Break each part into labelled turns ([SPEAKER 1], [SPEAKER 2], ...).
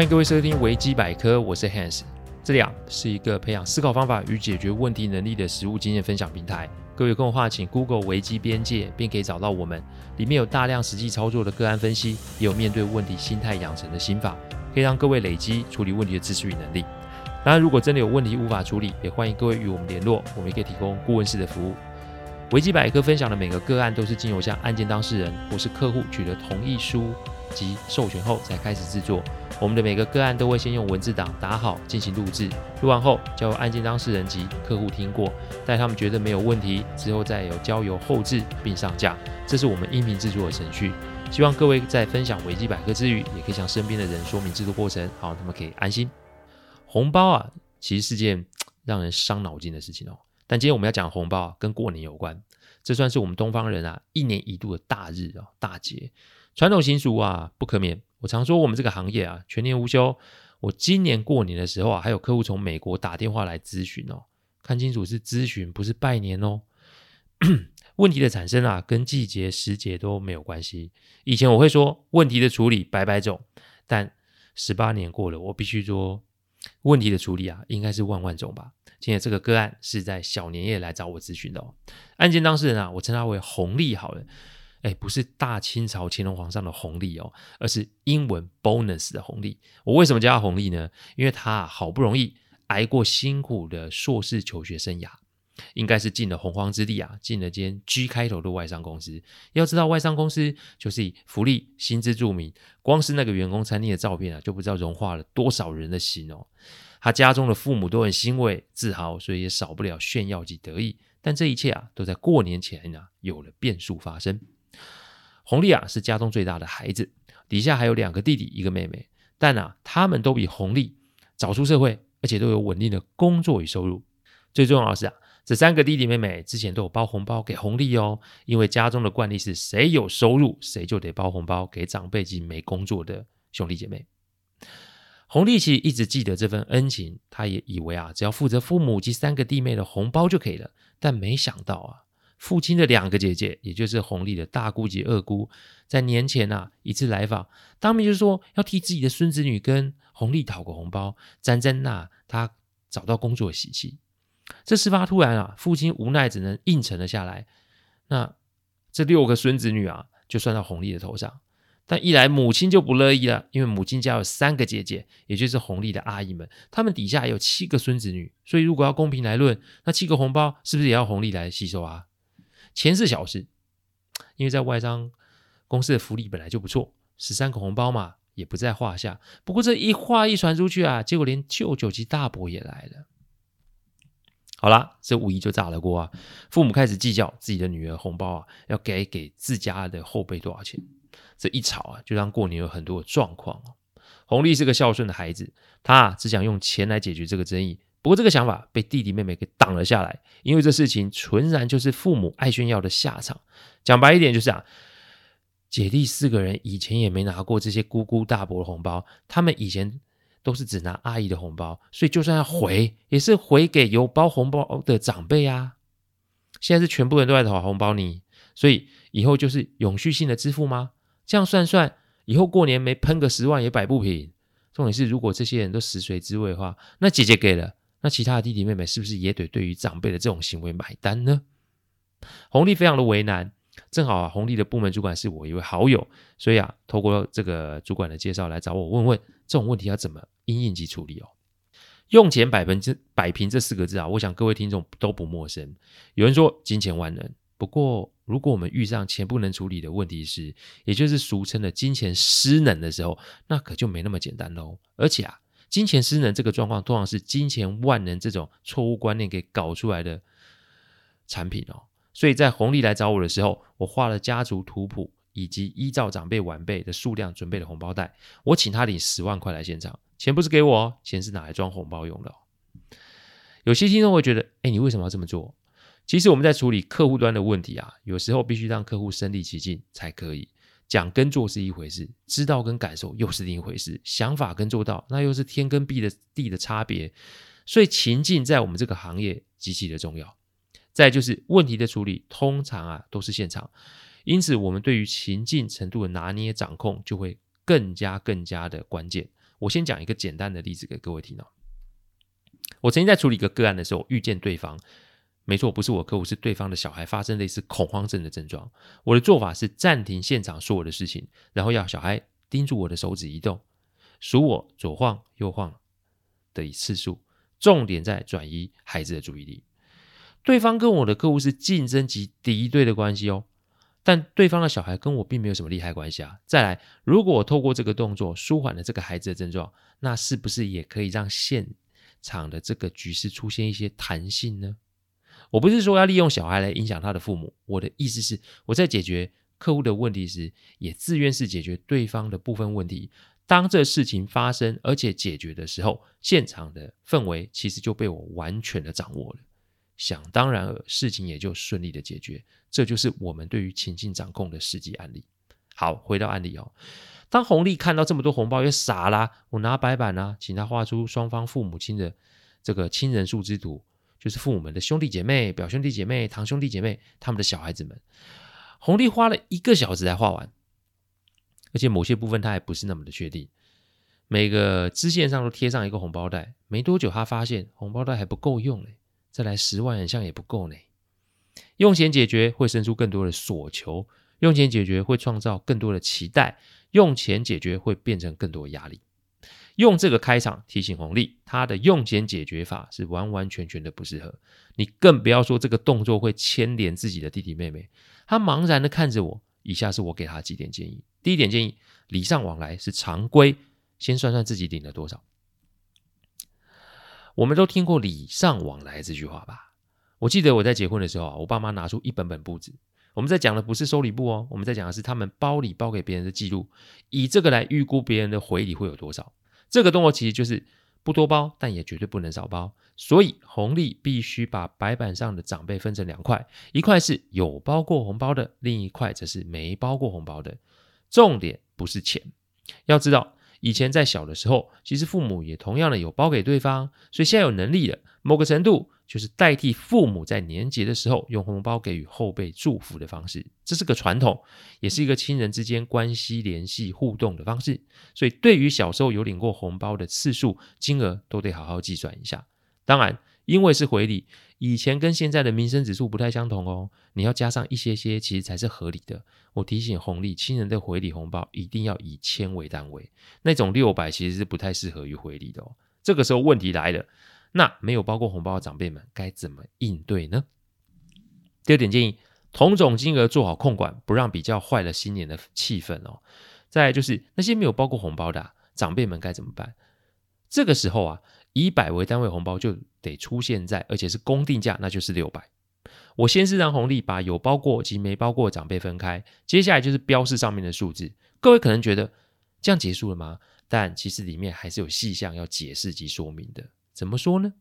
[SPEAKER 1] 歡迎各位收聽《危機百科》，我是 Hans，這裡啊是一個培養思考方法與解決問題能力的實務經驗分享平台。各位有空的話，請 Google 危機邊界，便可以找到我們。裡面有大量實際操作的個案分析，也有面對問題心態養成的心法，可以讓各位累積處理問題的知識與能力。當然，如果真的有問題無法處理，也歡迎各位與我們聯絡，我們也可以提供顧問式的服務。《危機百科》分享的每個個案，都是經由向案件當事人或是客戶取得同意書及授權後，才開始制作。我們的每個個案都會先用文字檔打好，進行錄製，錄完後交由案件當事人及客戶聽過，待他們覺得沒有問題之後，再有交由後製並上架。這是我們音頻制作的程序。希望各位在分享危機百科之餘，也可以向身邊的人說明制作過程，好，他們可以安心。紅包啊，其實是件讓人傷腦筋的事情哦。但今天我們要講紅包啊，跟過年有關，這算是我們東方人啊一年一度的大日哦啊，大節，傳統習俗啊不可免。我常說我們這個行業啊，全年無休。我今年過年的時候啊，還有客戶從美國打電話來諮詢哦，看清楚是諮詢，不是拜年哦。 問題的產生啊，跟季節時節都沒有關係。以前我會說問題的處理百百種，但十八年過了，我必須說問題的處理啊，應該是萬萬種吧。今天這個個案是在小年夜來找我諮詢的哦，案件當事人啊，我稱他為紅利好了。哎，不是大清朝乾隆皇上的弘曆哦，而是英文 bonus 的紅利。我為什麼叫他紅利呢？因為他、啊、好不容易挨過辛苦的碩士求學生涯，應該是進了洪荒之力啊，進了間 G 開頭的外商公司。要知道，外商公司就是以福利、薪資著名，光是那個員工餐廳的照片啊，就不知道融化了多少人的心哦。他家中的父母都很欣慰、自豪，所以也少不了炫耀及得意。但這一切啊，都在過年前啊，有了變數發生。紅利啊是家中最大的孩子，底下還有兩個弟弟一個妹妹，但啊他們都比紅利早出社會，而且都有穩定的工作與收入。最重要的是啊，這三個弟弟妹妹之前都有包紅包給紅利哦，因為家中的慣例是誰有收入誰就得包紅包給長輩及沒工作的兄弟姐妹。紅利其實一直記得這份恩情，他也以為啊只要負責父母及三個弟妹的紅包就可以了，但沒想到啊。父親的兩個姐姐，也就是紅利的大姑及二姑，在年前吶、啊、一次來訪，當面就是說要替自己的孫子女跟紅利討個紅包，沾沾那他找到工作的喜氣。這事發突然啊，父親無奈只能應承了下來。那這六個孫子女啊，就算到紅利的頭上，但一來母親就不樂意了，因為母親家有三個姐姐，也就是紅利的阿姨們，他們底下有七個孫子女，所以如果要公平來論，那七個紅包是不是也要紅利來吸收啊？錢是小事，因為在外商公司的福利本來就不錯，十三個紅包嘛也不在話下。不過這一話一傳出去啊，結果連舅舅及大伯也來了。好了，這五一就炸了鍋啊！父母開始計較自己的女兒紅包啊，要給給自家的後輩多少錢。這一吵啊，就讓過年有很多的狀況、啊。紅利是個孝順的孩子，他、啊、只想用錢來解決這個爭議。不過這個想法被弟弟妹妹給擋了下來，因為這事情純然就是父母愛炫耀的下場。講白一點就是啊，姐弟四個人以前也沒拿過這些姑姑大伯的紅包，他們以前都是只拿阿姨的紅包，所以就算要回也是回給有包紅包的長輩啊。現在是全部人都在討紅包呢，所以以後就是永續性的支付嗎？這樣算算，以後過年沒噴個十萬也擺不平。重點是如果這些人都食髓知味的話，那姐姐給了。那其他的弟弟妹妹是不是也得對於長輩的這種行為買單呢？紅利非常的為難。正好啊，紅利的部門主管是我一位好友，所以啊，透過這個主管的介紹來找我問問，這種問題要怎麼應應急處理哦？用錢擺平，擺平這四個字啊，我想各位聽眾都不陌生。有人說金錢萬能，不過如果我們遇上錢不能處理的問題時，也就是俗稱的金錢失能的時候，那可就沒那麼簡單嘍。而且啊。金錢失能這個狀況，通常是金錢萬能這種錯誤觀念給搞出來的產品哦。所以在紅利來找我的時候，我畫了家族圖譜，以及依照長輩晚輩的數量準備的紅包袋。我請他領十萬塊來現場，錢不是給我哦，錢是拿來裝紅包用的哦。有些聽眾會覺得，哎，你為什麼要這麼做？其實我們在處理客戶端的問題啊，有時候必須讓客戶身臨其境才可以。講跟做是一回事，知道跟感受又是另一回事，想法跟做到那又是天跟地的地的差別。所以情境在我們這個行業極其的重要。再來就是問題的處理，通常啊都是現場，因此我們對於情境程度的拿捏掌控就會更加更加的關鍵。我先講一個簡單的例子給各位聽哦：我曾經在處理一個個案的時候，遇見對方。沒錯，不是我的客戶，是對方的小孩發生類似恐慌症的症狀。我的做法是暫停現場所有的我的事情，然後要小孩盯住我的手指移動，數我左晃右晃的次數。重點在轉移孩子的注意力。對方跟我的客戶是競爭及敵對的關係哦，但對方的小孩跟我並沒有什麼利害關係啊。再來，如果我透過這個動作舒緩了這個孩子的症狀，那是不是也可以讓現場的這個局勢出現一些彈性呢？我不是說要利用小孩來影響他的父母，我的意思是我在解決客戶的問題時，也自願是解決對方的部分問題。當這事情發生，而且解決的時候，現場的氛圍其實就被我完全的掌握了，想當然，事情也就順利的解決。這就是我們對於情境掌控的實際案例。好，回到案例哦，當紅利看到這麼多紅包也傻啦。我拿白板啦，啊，請他畫出雙方父母親的這個親人樹枝圖。就是父母們的兄弟姐妹、表兄弟姐妹、堂兄弟姐妹，他們的小孩子們。紅利花了一個小時才畫完，而且某些部分他還不是那麼的確定。每個支線上都貼上一個紅包袋，沒多久他發現紅包袋還不夠用嘞，再來十萬好像也不夠呢。用錢解決會生出更多的索求，用錢解決會創造更多的期待，用錢解決會變成更多壓力。用這個開場提醒紅利，他的用錢解決法是完完全全的不適合。你更不要說這個動作會牽連自己的弟弟妹妹。他茫然的看着我。以下是我給他幾點建議：第一點建議，禮尚往來是常規。先算算自己領了多少。我們都聽過“禮尚往來”這句話吧？我記得我在結婚的時候啊，我爸媽拿出一本本簿子。我們在講的不是收禮簿哦，我們在講的是他們包禮包給別人的記錄，以這個來預估別人的回禮會有多少。這個動作其實就是不多包，但也絕對不能少包。所以紅利必須把白板上的長輩分成兩塊，一塊是有包過紅包的，另一塊則是沒包過紅包的。重點不是錢，要知道。以前在小的時候，其實父母也同樣的有包給對方，所以現在有能力了，某個程度就是代替父母在年節的時候用紅包給予後輩祝福的方式，這是個傳統，也是一個親人之間關係聯繫互動的方式。所以對於小時候有領過紅包的次數、金額，都得好好計算一下。當然。因為是回禮，以前跟現在的民生指數不太相同哦，你要加上一些些，其實才是合理的。我提醒紅利親人的回禮紅包一定要以千為單位，那種六百其實是不太適合於回禮的哦。這個時候問題來了，那沒有包過紅包的長輩們該怎麼應對呢？第二點建議，同種金額做好控管，不讓比較壞了新年的氣氛哦。再來就是那些沒有包過紅包的、啊、長輩們該怎麼辦？這個時候啊，以百為單位紅包就。得出現在，而且是公定價，那就是六百。我先是讓紅利把有包過及沒包過的長輩分開，接下來就是標示上面的數字。各位可能覺得這樣結束了嗎？但其實裡面還是有細項要解釋及說明的。怎麼說呢？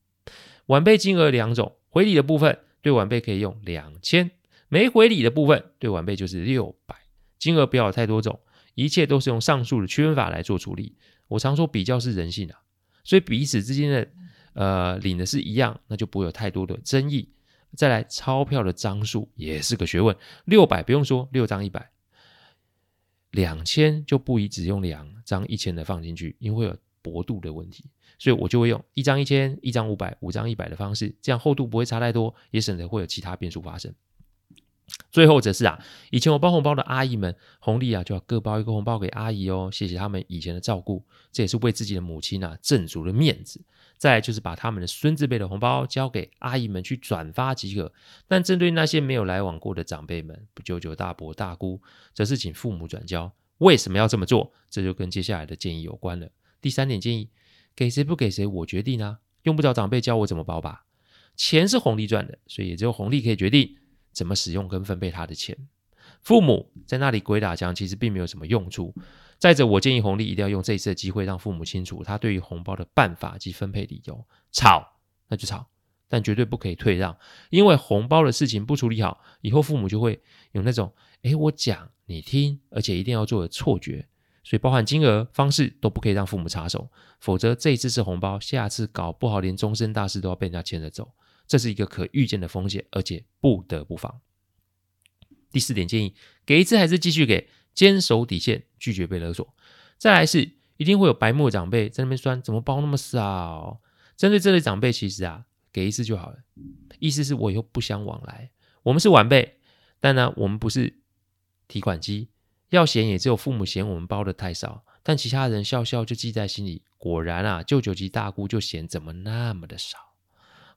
[SPEAKER 1] 晚輩金額兩種，回禮的部分，對晚輩可以用兩千；沒回禮的部分，對晚輩就是六百。金額不要有太多種，一切都是用上述的區分法來做處理。我常說比較是人性啊，所以彼此之間的。呃，領的是一樣，那就不會有太多的爭議。再來，鈔票的張數也是個學問。六百不用說，六張一百；兩千就不宜只用兩張一千的放進去，因為會有薄度的問題，所以我就會用一張一千、一張五百、五張一百的方式，這樣厚度不會差太多，也省得會有其他變數發生。最後則是啊，以前我包紅包的阿姨們，紅利啊就要各包一個紅包給阿姨哦，謝謝他們以前的照顧，這也是為自己的母親啊掙足了面子。再來就是把他們的孫子輩的紅包交給阿姨們去轉發即可。但針對那些沒有來往過的長輩們，不舅舅、大伯、大姑，則是請父母轉交。為什麼要這麼做？這就跟接下來的建議有關了。第三點建議，給誰不給誰我決定呢？用不着長輩教我怎麼包吧？錢是紅利賺的，所以也只有紅利可以決定。怎麼使用跟分配他的錢，父母在那裡鬼打牆，其實並沒有什麼用處。再者，我建議紅利一定要用這一次的機會，讓父母清楚他對於紅包的辦法及分配理由。吵，那就吵，但絕對不可以退讓，因為紅包的事情不處理好，以後父母就會有那種“誒，我講你聽，而且一定要做的”錯覺。所以，包含金額方式都不可以讓父母插手，否則這一次是紅包，下次搞不好連終身大事都要被人家牽着走。這是一個可預見的風險，而且不得不防。第四點建議，給一次還是繼續給，堅守底線，拒絕被勒索。再來是，一定會有白目的長輩在那邊酸，怎麼包那麼少？針對這類長輩，其實啊，給一次就好了。意思是我以後不相往來，我們是晚輩，但呢，我們不是提款機。要嫌，也只有父母嫌我們包的太少。但其他人笑笑就記在心裡。果然啊，舅舅及大姑就嫌怎麼那麼的少。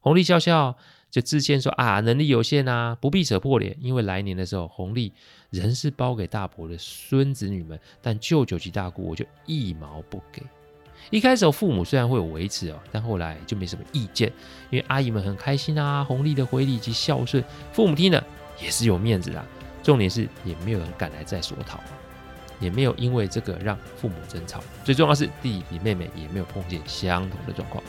[SPEAKER 1] 紅利笑笑就自謙說：“啊，能力有限啊，不必扯破臉。因為來年的時候，紅利仍是包給大伯的孫子女們，但舅舅及大姑我就一毛不給。一開始、哦、父母雖然會有微詞哦，但後來就沒什麼意見，因為阿姨們很開心啊，紅利的回禮及孝順，父母聽了也是有面子啦。重點是也沒有人敢來再索討，也沒有因為這個讓父母爭吵。最重要的是弟弟妹妹也沒有碰見相同的狀況。”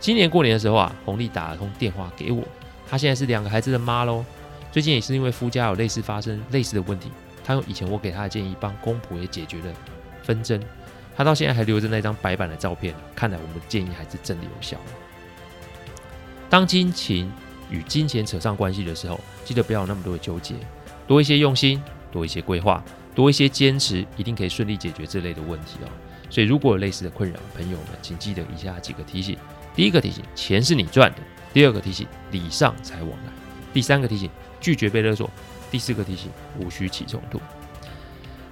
[SPEAKER 1] 今年過年的時候啊，紅利打了通電話給我。她現在是兩個孩子的媽嘍。最近也是因為夫家有類似發生類似的問題，她用以前我給她的建議幫公婆也解決了紛爭。她到現在還留着那張白板的照片，看來我們的建議還是真的有效。當親情與金錢扯上關係的時候，記得不要有那麼多的糾結，多一些用心，多一些規劃，多一些堅持，一定可以順利解決這類的問題哦。所以如果有類似的困擾，朋友們，請記得以下幾個提醒。第一個提醒：錢是你賺的。第二個提醒：禮尚才往來。第三個提醒：拒絕被勒索。第四個提醒：無需起衝突。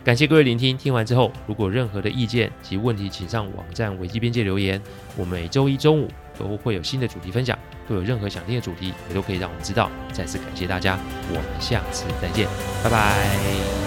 [SPEAKER 1] 感謝各位聆聽，聽完之後如果有任何的意見及問題，請上網站危機邊界留言。我們每週一中午都會有新的主題分享，若有任何想聽的主題，也都可以讓我們知道。再次感謝大家，我們下次再見，拜拜。